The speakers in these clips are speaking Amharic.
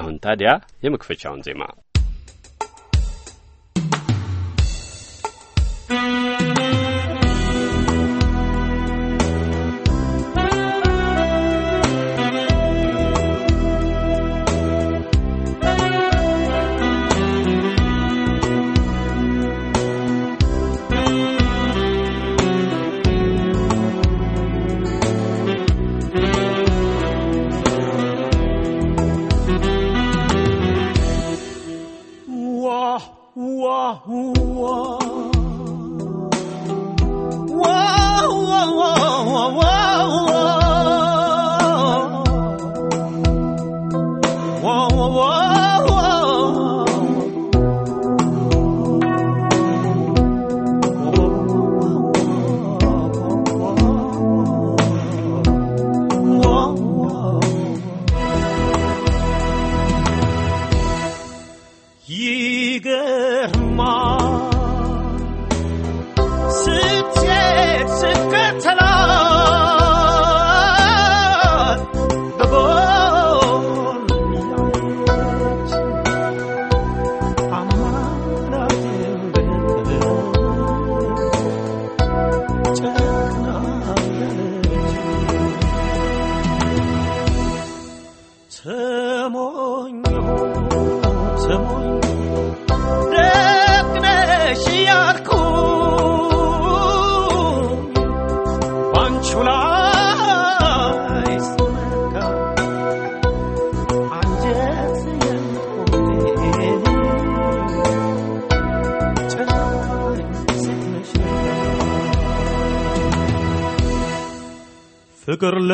አሁን ታዲያ የመክፈቻውን ዜማ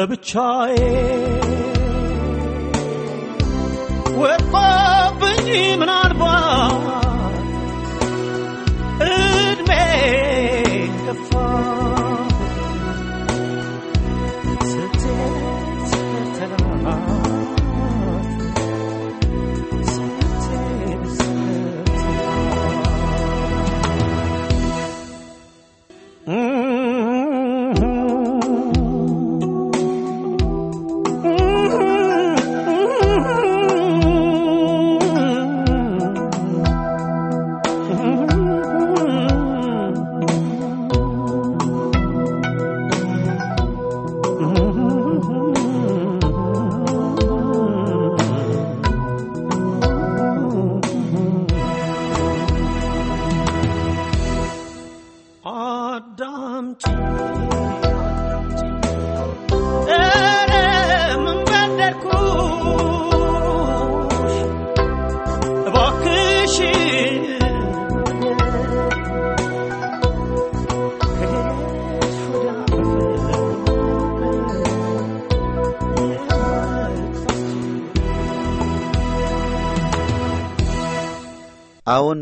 ለብቻዬ ወጣብኝ ምና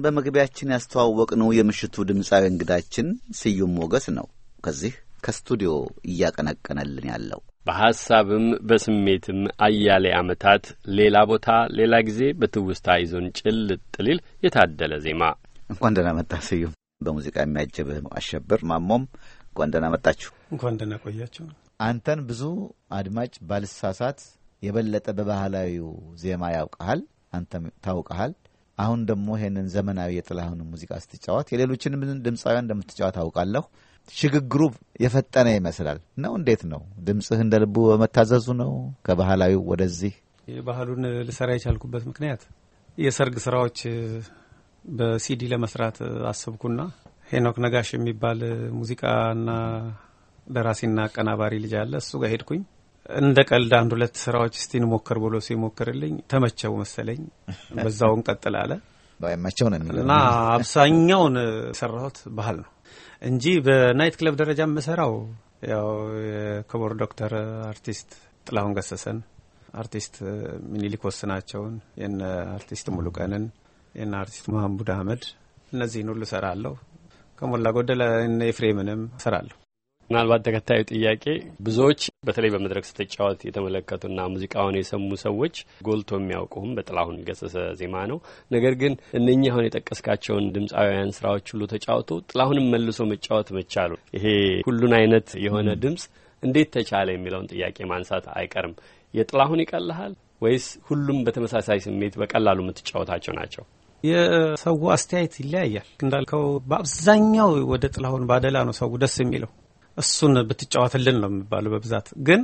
በመግቢያችን ያስተዋወቅነው የምሽቱ ድምፃዊ እንግዳችን ስዩም ሞገስ ነው ከዚህ ከስቱዲዮ እያቀነቀነልን ያለው በሐሳብም በስሜትም አያሌ ዓመታት ሌላ ቦታ ሌላ ጊዜ በትውስታ ይዞን ጭልጥ ጥሊል የታደለ ዜማ። እንኳን ደህና መጣ ስዩም። በሙዚቃ የሚያጀብ አሸብር ማሞም እንኳን ደህና መጣችሁ። እንኳን ደህና ቆያችሁ። አንተን ብዙ አድማጭ ባልሳሳት የበለጠ በባህላዊው ዜማ ያውቀሃል፣ አንተም ታውቀሃል። አሁን ደግሞ ይሄንን ዘመናዊ የጥላሁን ሙዚቃ ስትጫወት የሌሎችንም ድምፃውያን እንደምትጫወት አውቃለሁ። ሽግግሩ የፈጠነ ይመስላል ነው። እንዴት ነው ድምፅህ እንደ ልቡ በመታዘዙ ነው ከባህላዊው ወደዚህ? ባህሉን ልሰራ የቻልኩበት ምክንያት የሰርግ ስራዎች በሲዲ ለመስራት አስብኩና ሄኖክ ነጋሽ የሚባል ሙዚቃና ደራሲና አቀናባሪ ልጅ አለ። እሱ ጋር ሄድኩኝ። እንደ ቀልድ አንድ ሁለት ስራዎች እስቲ እንሞክር ብሎ ሲሞክርልኝ ተመቸው መሰለኝ፣ በዛው እንቀጥል አለ። ባይመቸው ነው እና አብዛኛውን የሰራሁት ባህል ነው እንጂ በናይት ክለብ ደረጃ የምሰራው ያው የክቡር ዶክተር አርቲስት ጥላሁን ገሰሰን፣ አርቲስት ሚኒሊክ ወስናቸውን፣ የነ አርቲስት ሙሉቀንን፣ የነ አርቲስት መሀሙድ አህመድ እነዚህን ሁሉ ሰራለሁ። ከሞላ ጎደል የፍሬምንም ሰራለሁ። ምናልባት ተከታዩ ጥያቄ ብዙዎች በተለይ በመድረክ ስትጫወት የተመለከቱና ሙዚቃውን የሰሙ ሰዎች ጎልቶ የሚያውቁም በጥላሁን ገሰሰ ዜማ ነው። ነገር ግን እነኚህ አሁን የጠቀስካቸውን ድምፃውያን ስራዎች ሁሉ ተጫውቶ ጥላሁንም መልሶ መጫወት መቻሉ ይሄ ሁሉን አይነት የሆነ ድምፅ እንዴት ተቻለ የሚለውን ጥያቄ ማንሳት አይቀርም። የጥላሁን ይቀልሃል ወይስ ሁሉም በተመሳሳይ ስሜት በቀላሉ የምትጫወታቸው ናቸው? የሰው አስተያየት ይለያያል። እንዳልከው በአብዛኛው ወደ ጥላሁን ባደላ ነው ሰው ደስ የሚለው። እሱን ብትጫወትልን ነው የሚባለው በብዛት ግን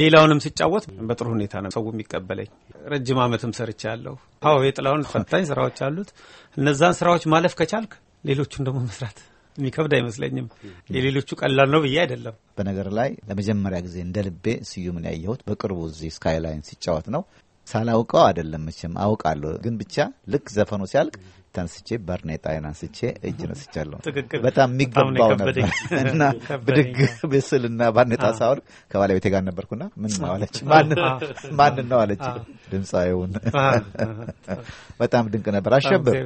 ሌላውንም ሲጫወት በጥሩ ሁኔታ ነው ሰው የሚቀበለኝ። ረጅም ዓመትም ሰርቻ ያለሁ አዎ፣ የጥላውን ፈታኝ ስራዎች አሉት። እነዛን ስራዎች ማለፍ ከቻልክ ሌሎቹን ደግሞ መስራት የሚከብድ አይመስለኝም። የሌሎቹ ቀላል ነው ብዬ አይደለም። በነገር ላይ ለመጀመሪያ ጊዜ እንደ ልቤ ስዩምን ያየሁት በቅርቡ እዚህ ስካይላይን ሲጫወት ነው። ሳላውቀው አይደለም መቼም አውቃለሁ፣ ግን ብቻ ልክ ዘፈኑ ሲያልቅ ሽንት አንስቼ ባርኔጣዬን አንስቼ እጅ ነስቻለሁ። በጣም የሚገባው ነበር እና ብድግ ብስል እና ባርኔጣ ሳወር ከባለቤቴ ጋር ነበርኩና ምን ነው አለች። ማንን ነው አለች። ድምፃዊውን። በጣም ድንቅ ነበር። አሸብር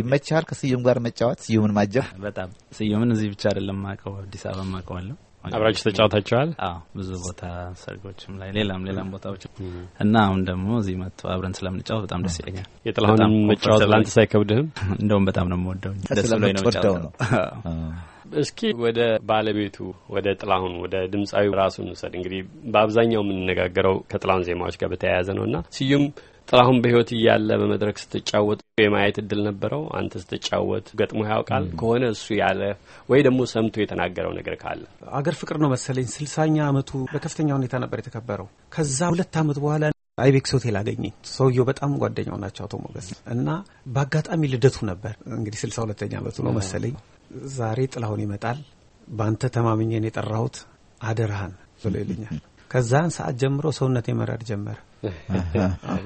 ይመችሃል ከስዩም ጋር መጫወት፣ ስዩምን ማጀብ በጣም ስዩምን እዚህ ብቻ አይደለም ማቀው አዲስ አበባ ማቀዋለሁ አብራችሁ ተጫውታችኋል? አዎ ብዙ ቦታ ሰርጎችም ላይ ሌላም ሌላም ቦታዎች እና አሁን ደግሞ እዚህ መጥቶ አብረን ስለምንጫወት በጣም ደስ ይለኛል። የጥላሁን መጫወት ለአንተ ሳይከብድህም? እንደውም በጣም ነው የምወደው። ደስ ብሎኝ ነው የምጫወተው ነው። እስኪ ወደ ባለቤቱ ወደ ጥላሁን ወደ ድምፃዊ ራሱ እንውሰድ። እንግዲህ በአብዛኛው የምንነጋገረው ከጥላሁን ዜማዎች ጋር በተያያዘ ነው እና ስዩም ጥላሁን በህይወት እያለ በመድረክ ስትጫወት የማየት እድል ነበረው? አንተ ስትጫወት ገጥሞ ያውቃል ከሆነ እሱ ያለ ወይ ደግሞ ሰምቶ የተናገረው ነገር ካለ? አገር ፍቅር ነው መሰለኝ ስልሳኛ አመቱ በከፍተኛ ሁኔታ ነበር የተከበረው። ከዛ ሁለት አመት በኋላ አይቤክስ ሆቴል አገኘ። ሰውየው በጣም ጓደኛው ናቸው አቶ ሞገስ እና በአጋጣሚ ልደቱ ነበር እንግዲህ ስልሳ ሁለተኛ አመቱ ነው መሰለኝ። ዛሬ ጥላሁን ይመጣል በአንተ ተማምኘን የጠራሁት አደራህን ብሎ ይልኛል። ከዛን ሰዓት ጀምሮ ሰውነት የመራድ ጀመረ።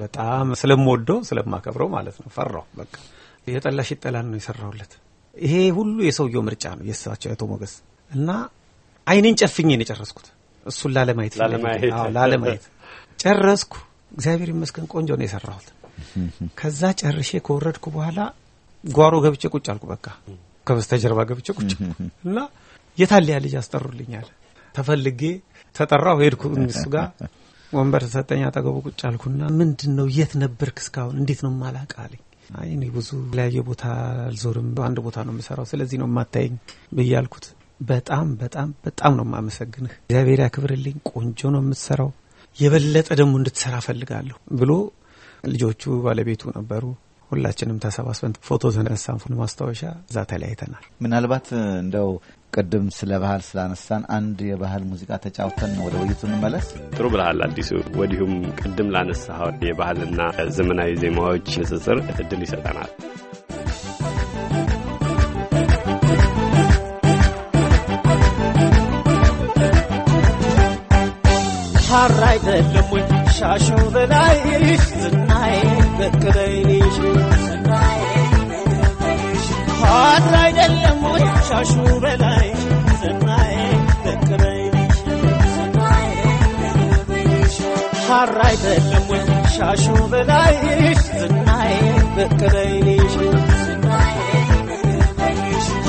በጣም ስለምወደው ስለማከብረው ማለት ነው። ፈራው በቃ የጠላሽ ይጠላል ነው የሰራውለት። ይሄ ሁሉ የሰውየው ምርጫ ነው የእሳቸው አቶ ሞገስ እና አይኔን ጨፍኜ ነው የጨረስኩት። እሱን ላለማየት ላለማየት ጨረስኩ። እግዚአብሔር ይመስገን ቆንጆ ነው የሰራሁት። ከዛ ጨርሼ ከወረድኩ በኋላ ጓሮ ገብቼ ቁጭ አልኩ። በቃ ከበስተጀርባ ገብቼ ቁጭ አልኩ እና የታሊያ ልጅ አስጠሩልኛል። ተፈልጌ ተጠራሁ። ሄድኩ እሱ ጋር ወንበር ተሰጠኝ። አጠገቡ ቁጭ አልኩና ምንድን ነው የት ነበርክ እስካሁን እንዴት ነው ማላቅ አለኝ። አይ እኔ ብዙ የተለያየ ቦታ አልዞርም፣ በአንድ ቦታ ነው የምሰራው፣ ስለዚህ ነው የማታየኝ ብዬ አልኩት። በጣም በጣም በጣም ነው የማመሰግንህ፣ እግዚአብሔር ያክብርልኝ፣ ቆንጆ ነው የምትሰራው፣ የበለጠ ደግሞ እንድትሰራ ፈልጋለሁ ብሎ ልጆቹ ባለቤቱ ነበሩ። ሁላችንም ተሰባስበን ፎቶ ተነሳን ማስታወሻ። እዛ ተለያይተናል። ምናልባት እንደው ቅድም ስለ ባህል ስላነሳን አንድ የባህል ሙዚቃ ተጫውተን ወደ ውይይቱ እንመለስ። ጥሩ ብልሃል አዲሱ። ወዲሁም ቅድም ላነሳኸው የባህልና ዘመናዊ ዜማዎች ንስስር እድል ይሰጠናል። ሐር አይደለም ወይ ሻሾ በላይ ዝናዬ በቅበይሽ ሐር አይደለም ወይ ከሻሹ በላይ ሰናዬ ደቅበይኒ ሐር አይደለም ወይ ሻሹ በላይ ሰናዬ ደቅበይኒሽ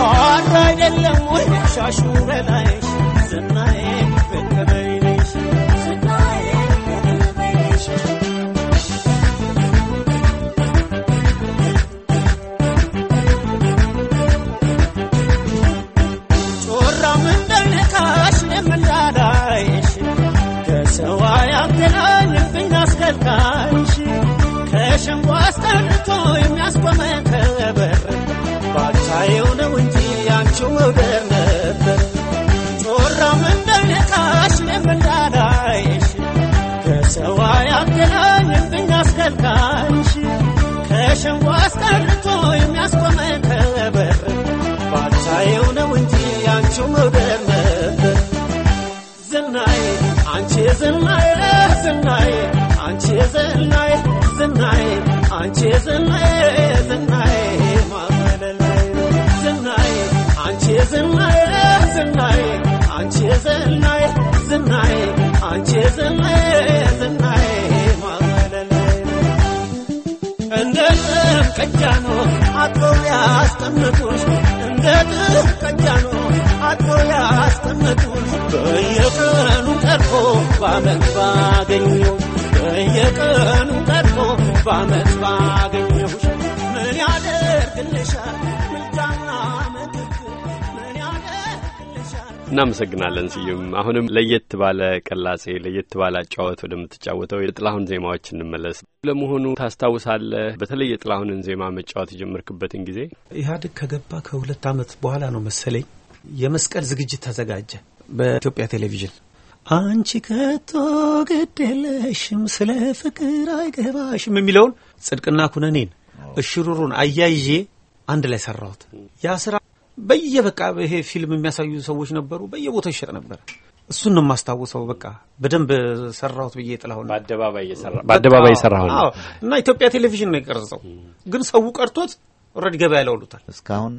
ሐር አይደለም ወይ ሻሹ በላይ ሰናዬ ተከታይሽ ከሸንጎ አስጠርቶ የሚያስቆመ ከበር ባታየው ነው እንጂ አንቺው ውደር ነበር ጮራም እንደነቃሽ እኔም እንዳላይሽ ከሰው አያገናኝብኝ አስከልካይሽ ከሸንጎ አስጠርቶ የሚያስቆመ ከበር ባታየው ነው እንጂ አንቺው ውደር ነበር ዝናይ አንቺ ዝናይ ዝናይ አንቺ ዝናይ ዝናይ አንቺ ዝናይ ዝናይ ማመለለይ ዝናይ አንቺ ዝናይ ዝናይ አንቺ ዝናይ ዝናይ አንቺ ዝናይ ዝናይ ቀጃኖ አጥቦ ያስቀምጡሽ እንደ ቀጃኖ አጥቦ ያስቀምጡሽ በየቀኑ ቀርቦ ባመት ባገኙ በየቀኑ ቀርቶ በአመት ባገኘሁሽ ምን ያደርግልሻል? እናመሰግናለን ስዩም። አሁንም ለየት ባለ ቅላጼ ለየት ባለ አጫወት ወደምትጫወተው የጥላሁን ዜማዎች እንመለስ። ለመሆኑ ታስታውሳለህ በተለይ የጥላሁንን ዜማ መጫወት የጀመርክበትን ጊዜ? ኢህአዴግ ከገባ ከሁለት አመት በኋላ ነው መሰለኝ። የመስቀል ዝግጅት ተዘጋጀ በኢትዮጵያ ቴሌቪዥን አንቺ ከቶ ግድ የለሽም ስለ ፍቅር አይገባሽም የሚለውን ጽድቅና ኩነኔን እሽሩሩን አያይዤ አንድ ላይ ሰራሁት። ያ ስራ በየበቃ ይሄ ፊልም የሚያሳዩ ሰዎች ነበሩ፣ በየቦታው ይሸጥ ነበር። እሱን ነው የማስታውሰው። በቃ በደንብ ሰራሁት ብዬ ጥላሁን በአደባባይ የሰራሁ እና ኢትዮጵያ ቴሌቪዥን ነው የቀረጸው፣ ግን ሰው ቀርቶት ረድ ገበያ ላይ እስካሁን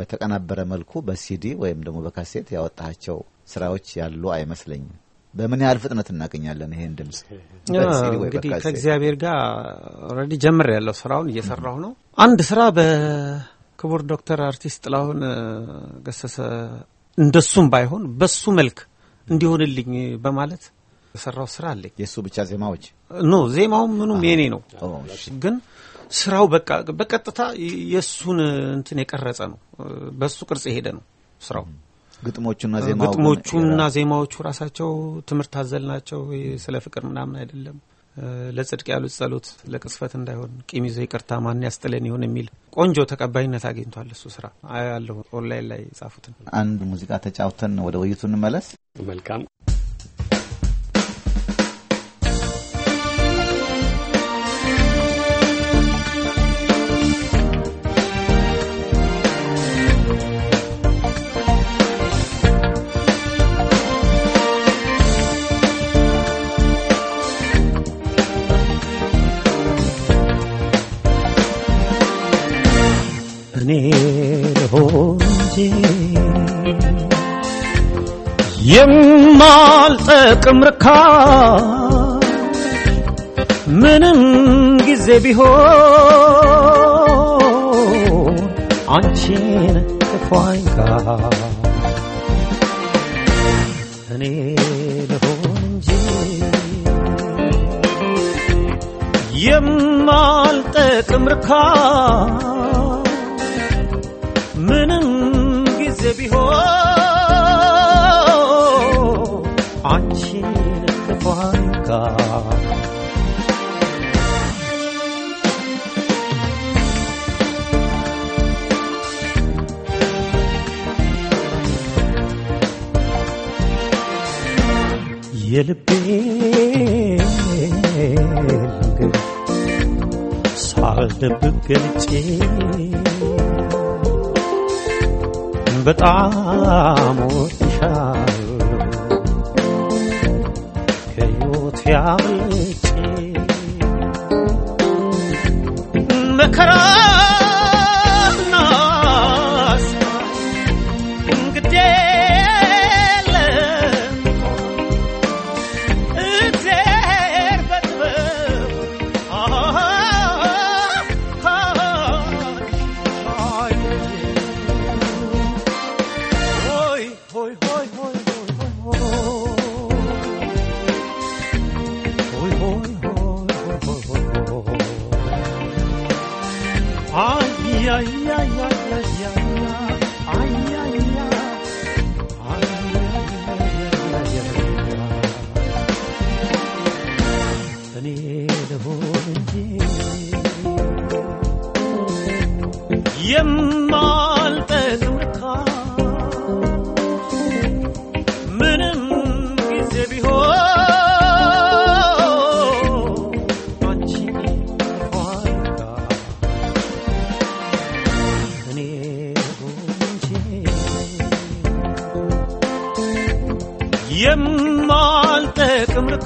በተቀናበረ መልኩ በሲዲ ወይም ደግሞ በካሴት ያወጣቸው ስራዎች ያሉ አይመስለኝም። በምን ያህል ፍጥነት እናገኛለን ይሄን ድምጽ? እንግዲህ ከእግዚአብሔር ጋር ኦልሬዲ ጀምር ያለው ስራውን እየሰራሁ ነው። አንድ ስራ በክቡር ዶክተር አርቲስት ጥላሁን ገሰሰ እንደሱም ባይሆን በሱ መልክ እንዲሆንልኝ በማለት የሰራው ስራ አለኝ። የእሱ ብቻ ዜማዎች ኖ ዜማውም ምኑም የኔ ነው፣ ግን ስራው በቃ በቀጥታ የእሱን እንትን የቀረጸ ነው። በእሱ ቅርጽ የሄደ ነው ስራው። ግጥሞቹና ዜማዎቹ ግጥሞቹና ዜማዎቹ ራሳቸው ትምህርት አዘል ናቸው። ስለ ፍቅር ምናምን አይደለም። ለጽድቅ ያሉት ጸሎት ለቅስፈት እንዳይሆን ቂም ይዞ ይቅርታ ማን ያስጥለን ይሆን የሚል ቆንጆ ተቀባይነት አግኝቷል። እሱ ስራ አያለሁ ኦንላይን ላይ ጻፉትን አንድ ሙዚቃ ተጫውተን ወደ ውይይቱ እንመለስ። መልካም አልጠቅም ርካ ምንም ጊዜ ቢሆን አንቺን ክፏኝ ጋር እኔ ልሆን እንጂ የማልጠቅም ርካ ምንም ጊዜ ቢሆን cantar. የልቤ ነገር ሳልደብቅ ገልጬ በጣም ወድሻል ሲያምቼ መከራ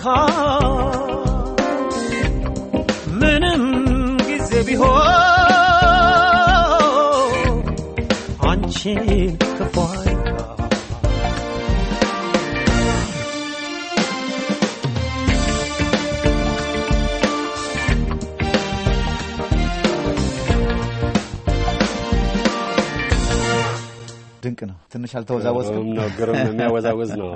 call. ድንቅ ነው። ትንሽ አልተወዛወዝ ነው። ግርም የሚያወዛወዝ ነው።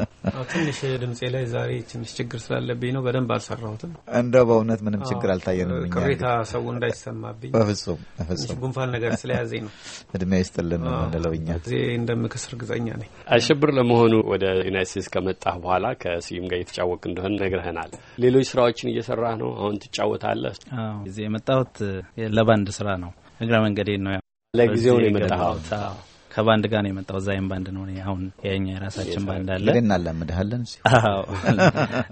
ትንሽ ድምፄ ላይ ዛሬ ትንሽ ችግር ስላለብኝ ነው። በደንብ አልሰራሁትም። እንደው በእውነት ምንም ችግር አልታየንም። ቅሬታ ሰው እንዳይሰማብኝ በፍጹም በፍጹም። ጉንፋን ነገር ስለያዘኝ ነው። እድሜ ይስጥልን ነው ምንለው ጊዜ እንደምክስር እርግጠኛ ነኝ። አሸብር ለመሆኑ ወደ ዩናይት ስቴትስ ከመጣህ በኋላ ከስዩም ጋር የተጫወቅ እንደሆን ነግረህናል። ሌሎች ስራዎችን እየሰራህ ነው አሁን ትጫወታለህ? ጊዜ የመጣሁት ለባንድ ስራ ነው። እግረ መንገዴን ነው ለጊዜው ነው የመጣሁት ከባንድ ጋር ነው የመጣው። እዛ ባንድ ነው አሁን የኛ የራሳችን ባንድ አለ ግን እናላምድሃለን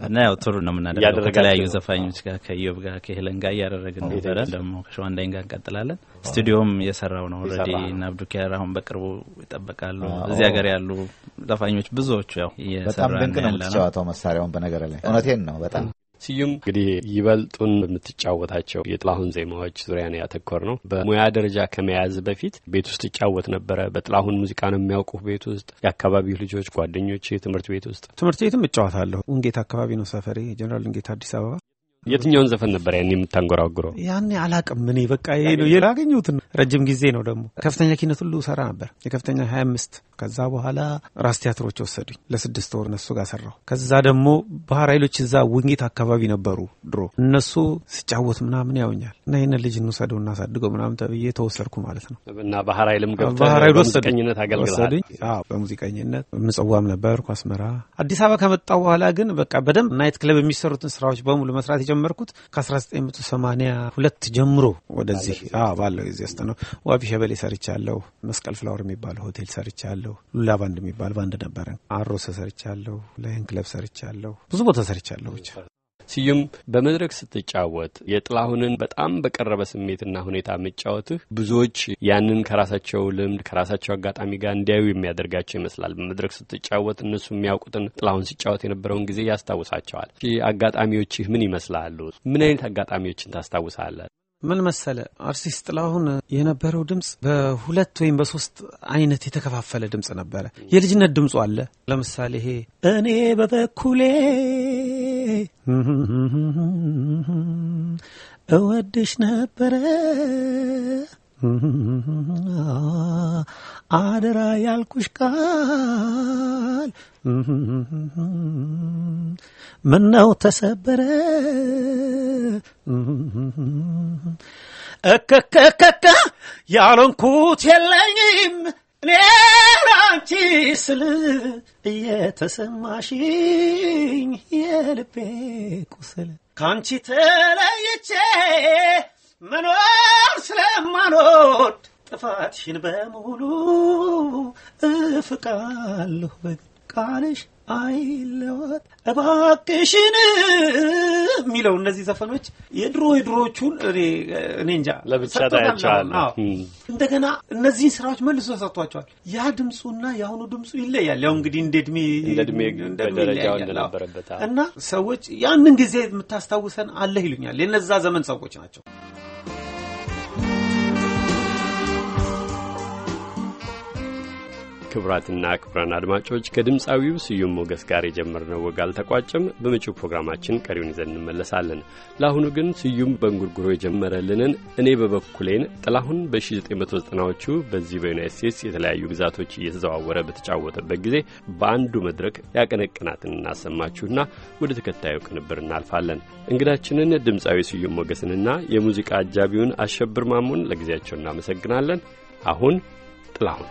እና ያው ቱር ነው የምናደርገው ከተለያዩ ዘፋኞች ጋር ከዮብ ጋር ከሄለን ጋር እያደረግን ነበረ። ደግሞ ከሸዋንዳይን ጋር እንቀጥላለን። ስቱዲዮም የሰራው ነው ረዲ እና አብዱኪያር አሁን በቅርቡ ይጠበቃሉ። እዚህ ሀገር ያሉ ዘፋኞች ብዙዎቹ ያው እየሰራ ነው ያለ ነው። በጣም ድንቅ ነው የምትጫወተው መሳሪያውን። በነገር ላይ እውነቴን ነው በጣም ስዩም እንግዲህ ይበልጡን በምትጫወታቸው የጥላሁን ዜማዎች ዙሪያ ነው ያተኮር ነው። በሙያ ደረጃ ከመያዝ በፊት ቤት ውስጥ ይጫወት ነበረ። በጥላሁን ሙዚቃ ነው የሚያውቁ ቤት ውስጥ የአካባቢው ልጆች ጓደኞች፣ ትምህርት ቤት ውስጥ ትምህርት ቤትም እጫወታለሁ። ውንጌት አካባቢ ነው ሰፈሬ፣ ጀኔራል ውንጌት አዲስ አበባ። የትኛውን ዘፈን ነበር ያን የምታንጎራጉረው? ያኔ አላቅም እኔ በቃ ይሄ ነው ያገኘሁትን። ረጅም ጊዜ ነው ደግሞ ከፍተኛ ኪነት ሁሉ ሰራ ነበር የከፍተኛ ሀያ አምስት ከዛ በኋላ ራስ ቲያትሮች ወሰዱኝ ለስድስት ወር እነሱ ጋር ሰራው። ከዛ ደግሞ ባህር ኃይሎች እዛ ውንጌት አካባቢ ነበሩ ድሮ እነሱ ሲጫወት ምናምን ያውኛል እና ይህንን ልጅ እንውሰደው እናሳድገው ምናምን ተብዬ ተወሰድኩ ማለት ነው እና ባህር ኃይልም ገብተህ ባህር ኃይል በሙዚቀኝነት አገልግለሃል? በሙዚቀኝነት ምጽዋም ነበር አስመራ። አዲስ አበባ ከመጣው በኋላ ግን በቃ በደንብ ናይት ክለብ የሚሰሩትን ስራዎች በሙሉ መስራት የጀመርኩት ከ1982 ጀምሮ ወደዚህ ባለው ጊዜ ውስጥ ነው። ዋቢ ሸበሌ ሰርቻለሁ። መስቀል ፍላወር የሚባለው ሆቴል ሰርቻለሁ። ሉላ ባንድ የሚባል ባንድ ነበረ። አሮሰ ሰርቻለሁ። ላይን ክለብ ሰርቻለሁ። ብዙ ቦታ ሰርቻለሁ ብቻ ስዩም በመድረክ ስትጫወት የጥላሁንን በጣም በቀረበ ስሜትና ሁኔታ መጫወትህ ብዙዎች ያንን ከራሳቸው ልምድ ከራሳቸው አጋጣሚ ጋር እንዲያዩ የሚያደርጋቸው ይመስላል። በመድረክ ስትጫወት እነሱ የሚያውቁትን ጥላሁን ሲጫወት የነበረውን ጊዜ ያስታውሳቸዋል። አጋጣሚዎችህ ምን ይመስላሉ? ምን አይነት አጋጣሚዎችን ታስታውሳለህ? ምን መሰለ አርቲስት ጥላሁን የነበረው ድምፅ በሁለት ወይም በሶስት አይነት የተከፋፈለ ድምፅ ነበረ። የልጅነት ድምፁ አለ። ለምሳሌ ይሄ እኔ በበኩሌ እወድሽ ነበረ አደራ ያልኩሽ ቃል ምነው ተሰበረ እከከከከ ያለንኩት የለኝም ሌላንቺ ስል እየተሰማሽኝ የልቤ ቁስል ከአንቺ ተለይቼ መኖር ስለማኖድ ጥፋትሽን በሙሉ እፍቃለሁ በቃልሽ አይለወጥ እባክሽን የሚለው እነዚህ ዘፈኖች የድሮ የድሮዎቹን እኔ እንጃ ለብቻ እንደገና እነዚህን ስራዎች መልሶ ሰጥቷቸዋል። ያ ድምፁና የአሁኑ ድምፁ ይለያል። ያው እንግዲህ እንደ እድሜ እና ሰዎች ያንን ጊዜ የምታስታውሰን አለህ ይሉኛል። የነዛ ዘመን ሰዎች ናቸው። ክቡራትና ክቡራን አድማጮች ከድምፃዊው ስዩም ሞገስ ጋር የጀመርነው ወግ አልተቋጨም። በመጪው ፕሮግራማችን ቀሪውን ይዘን እንመለሳለን። ለአሁኑ ግን ስዩም በእንጉርጉሮ የጀመረልንን እኔ በበኩሌን ጥላሁን በ1990ዎቹ በዚህ በዩናይት ስቴትስ የተለያዩ ግዛቶች እየተዘዋወረ በተጫወተበት ጊዜ በአንዱ መድረክ ያቀነቅናትን እናሰማችሁና ወደ ተከታዩ ቅንብር እናልፋለን። እንግዳችንን ድምፃዊ ስዩም ሞገስንና የሙዚቃ አጃቢውን አሸብር ማሙን ለጊዜያቸው እናመሰግናለን። አሁን ጥላሁን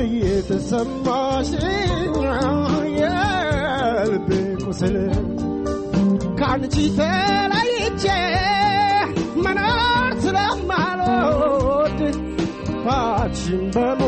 እየተሰማሽ የልቤ ቁስል ከአንቺ ተለይቼ መኖር ስለማልወድ ፋችን በሞ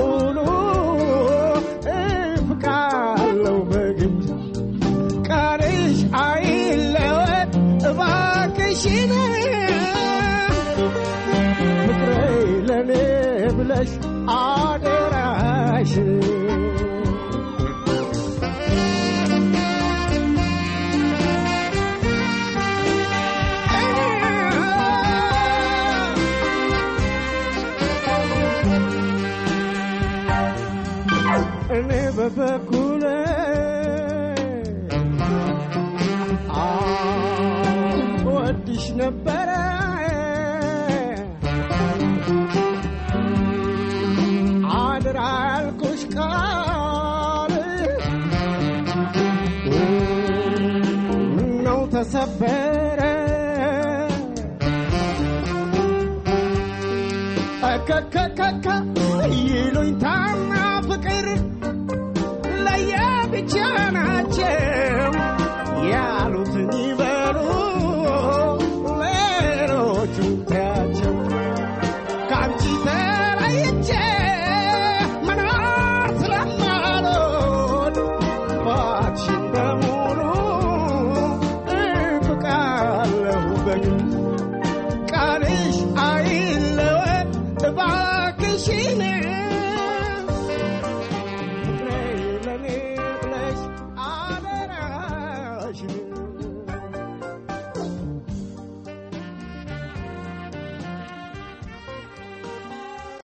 በበኩሌ ወድሽ ነበር Mama.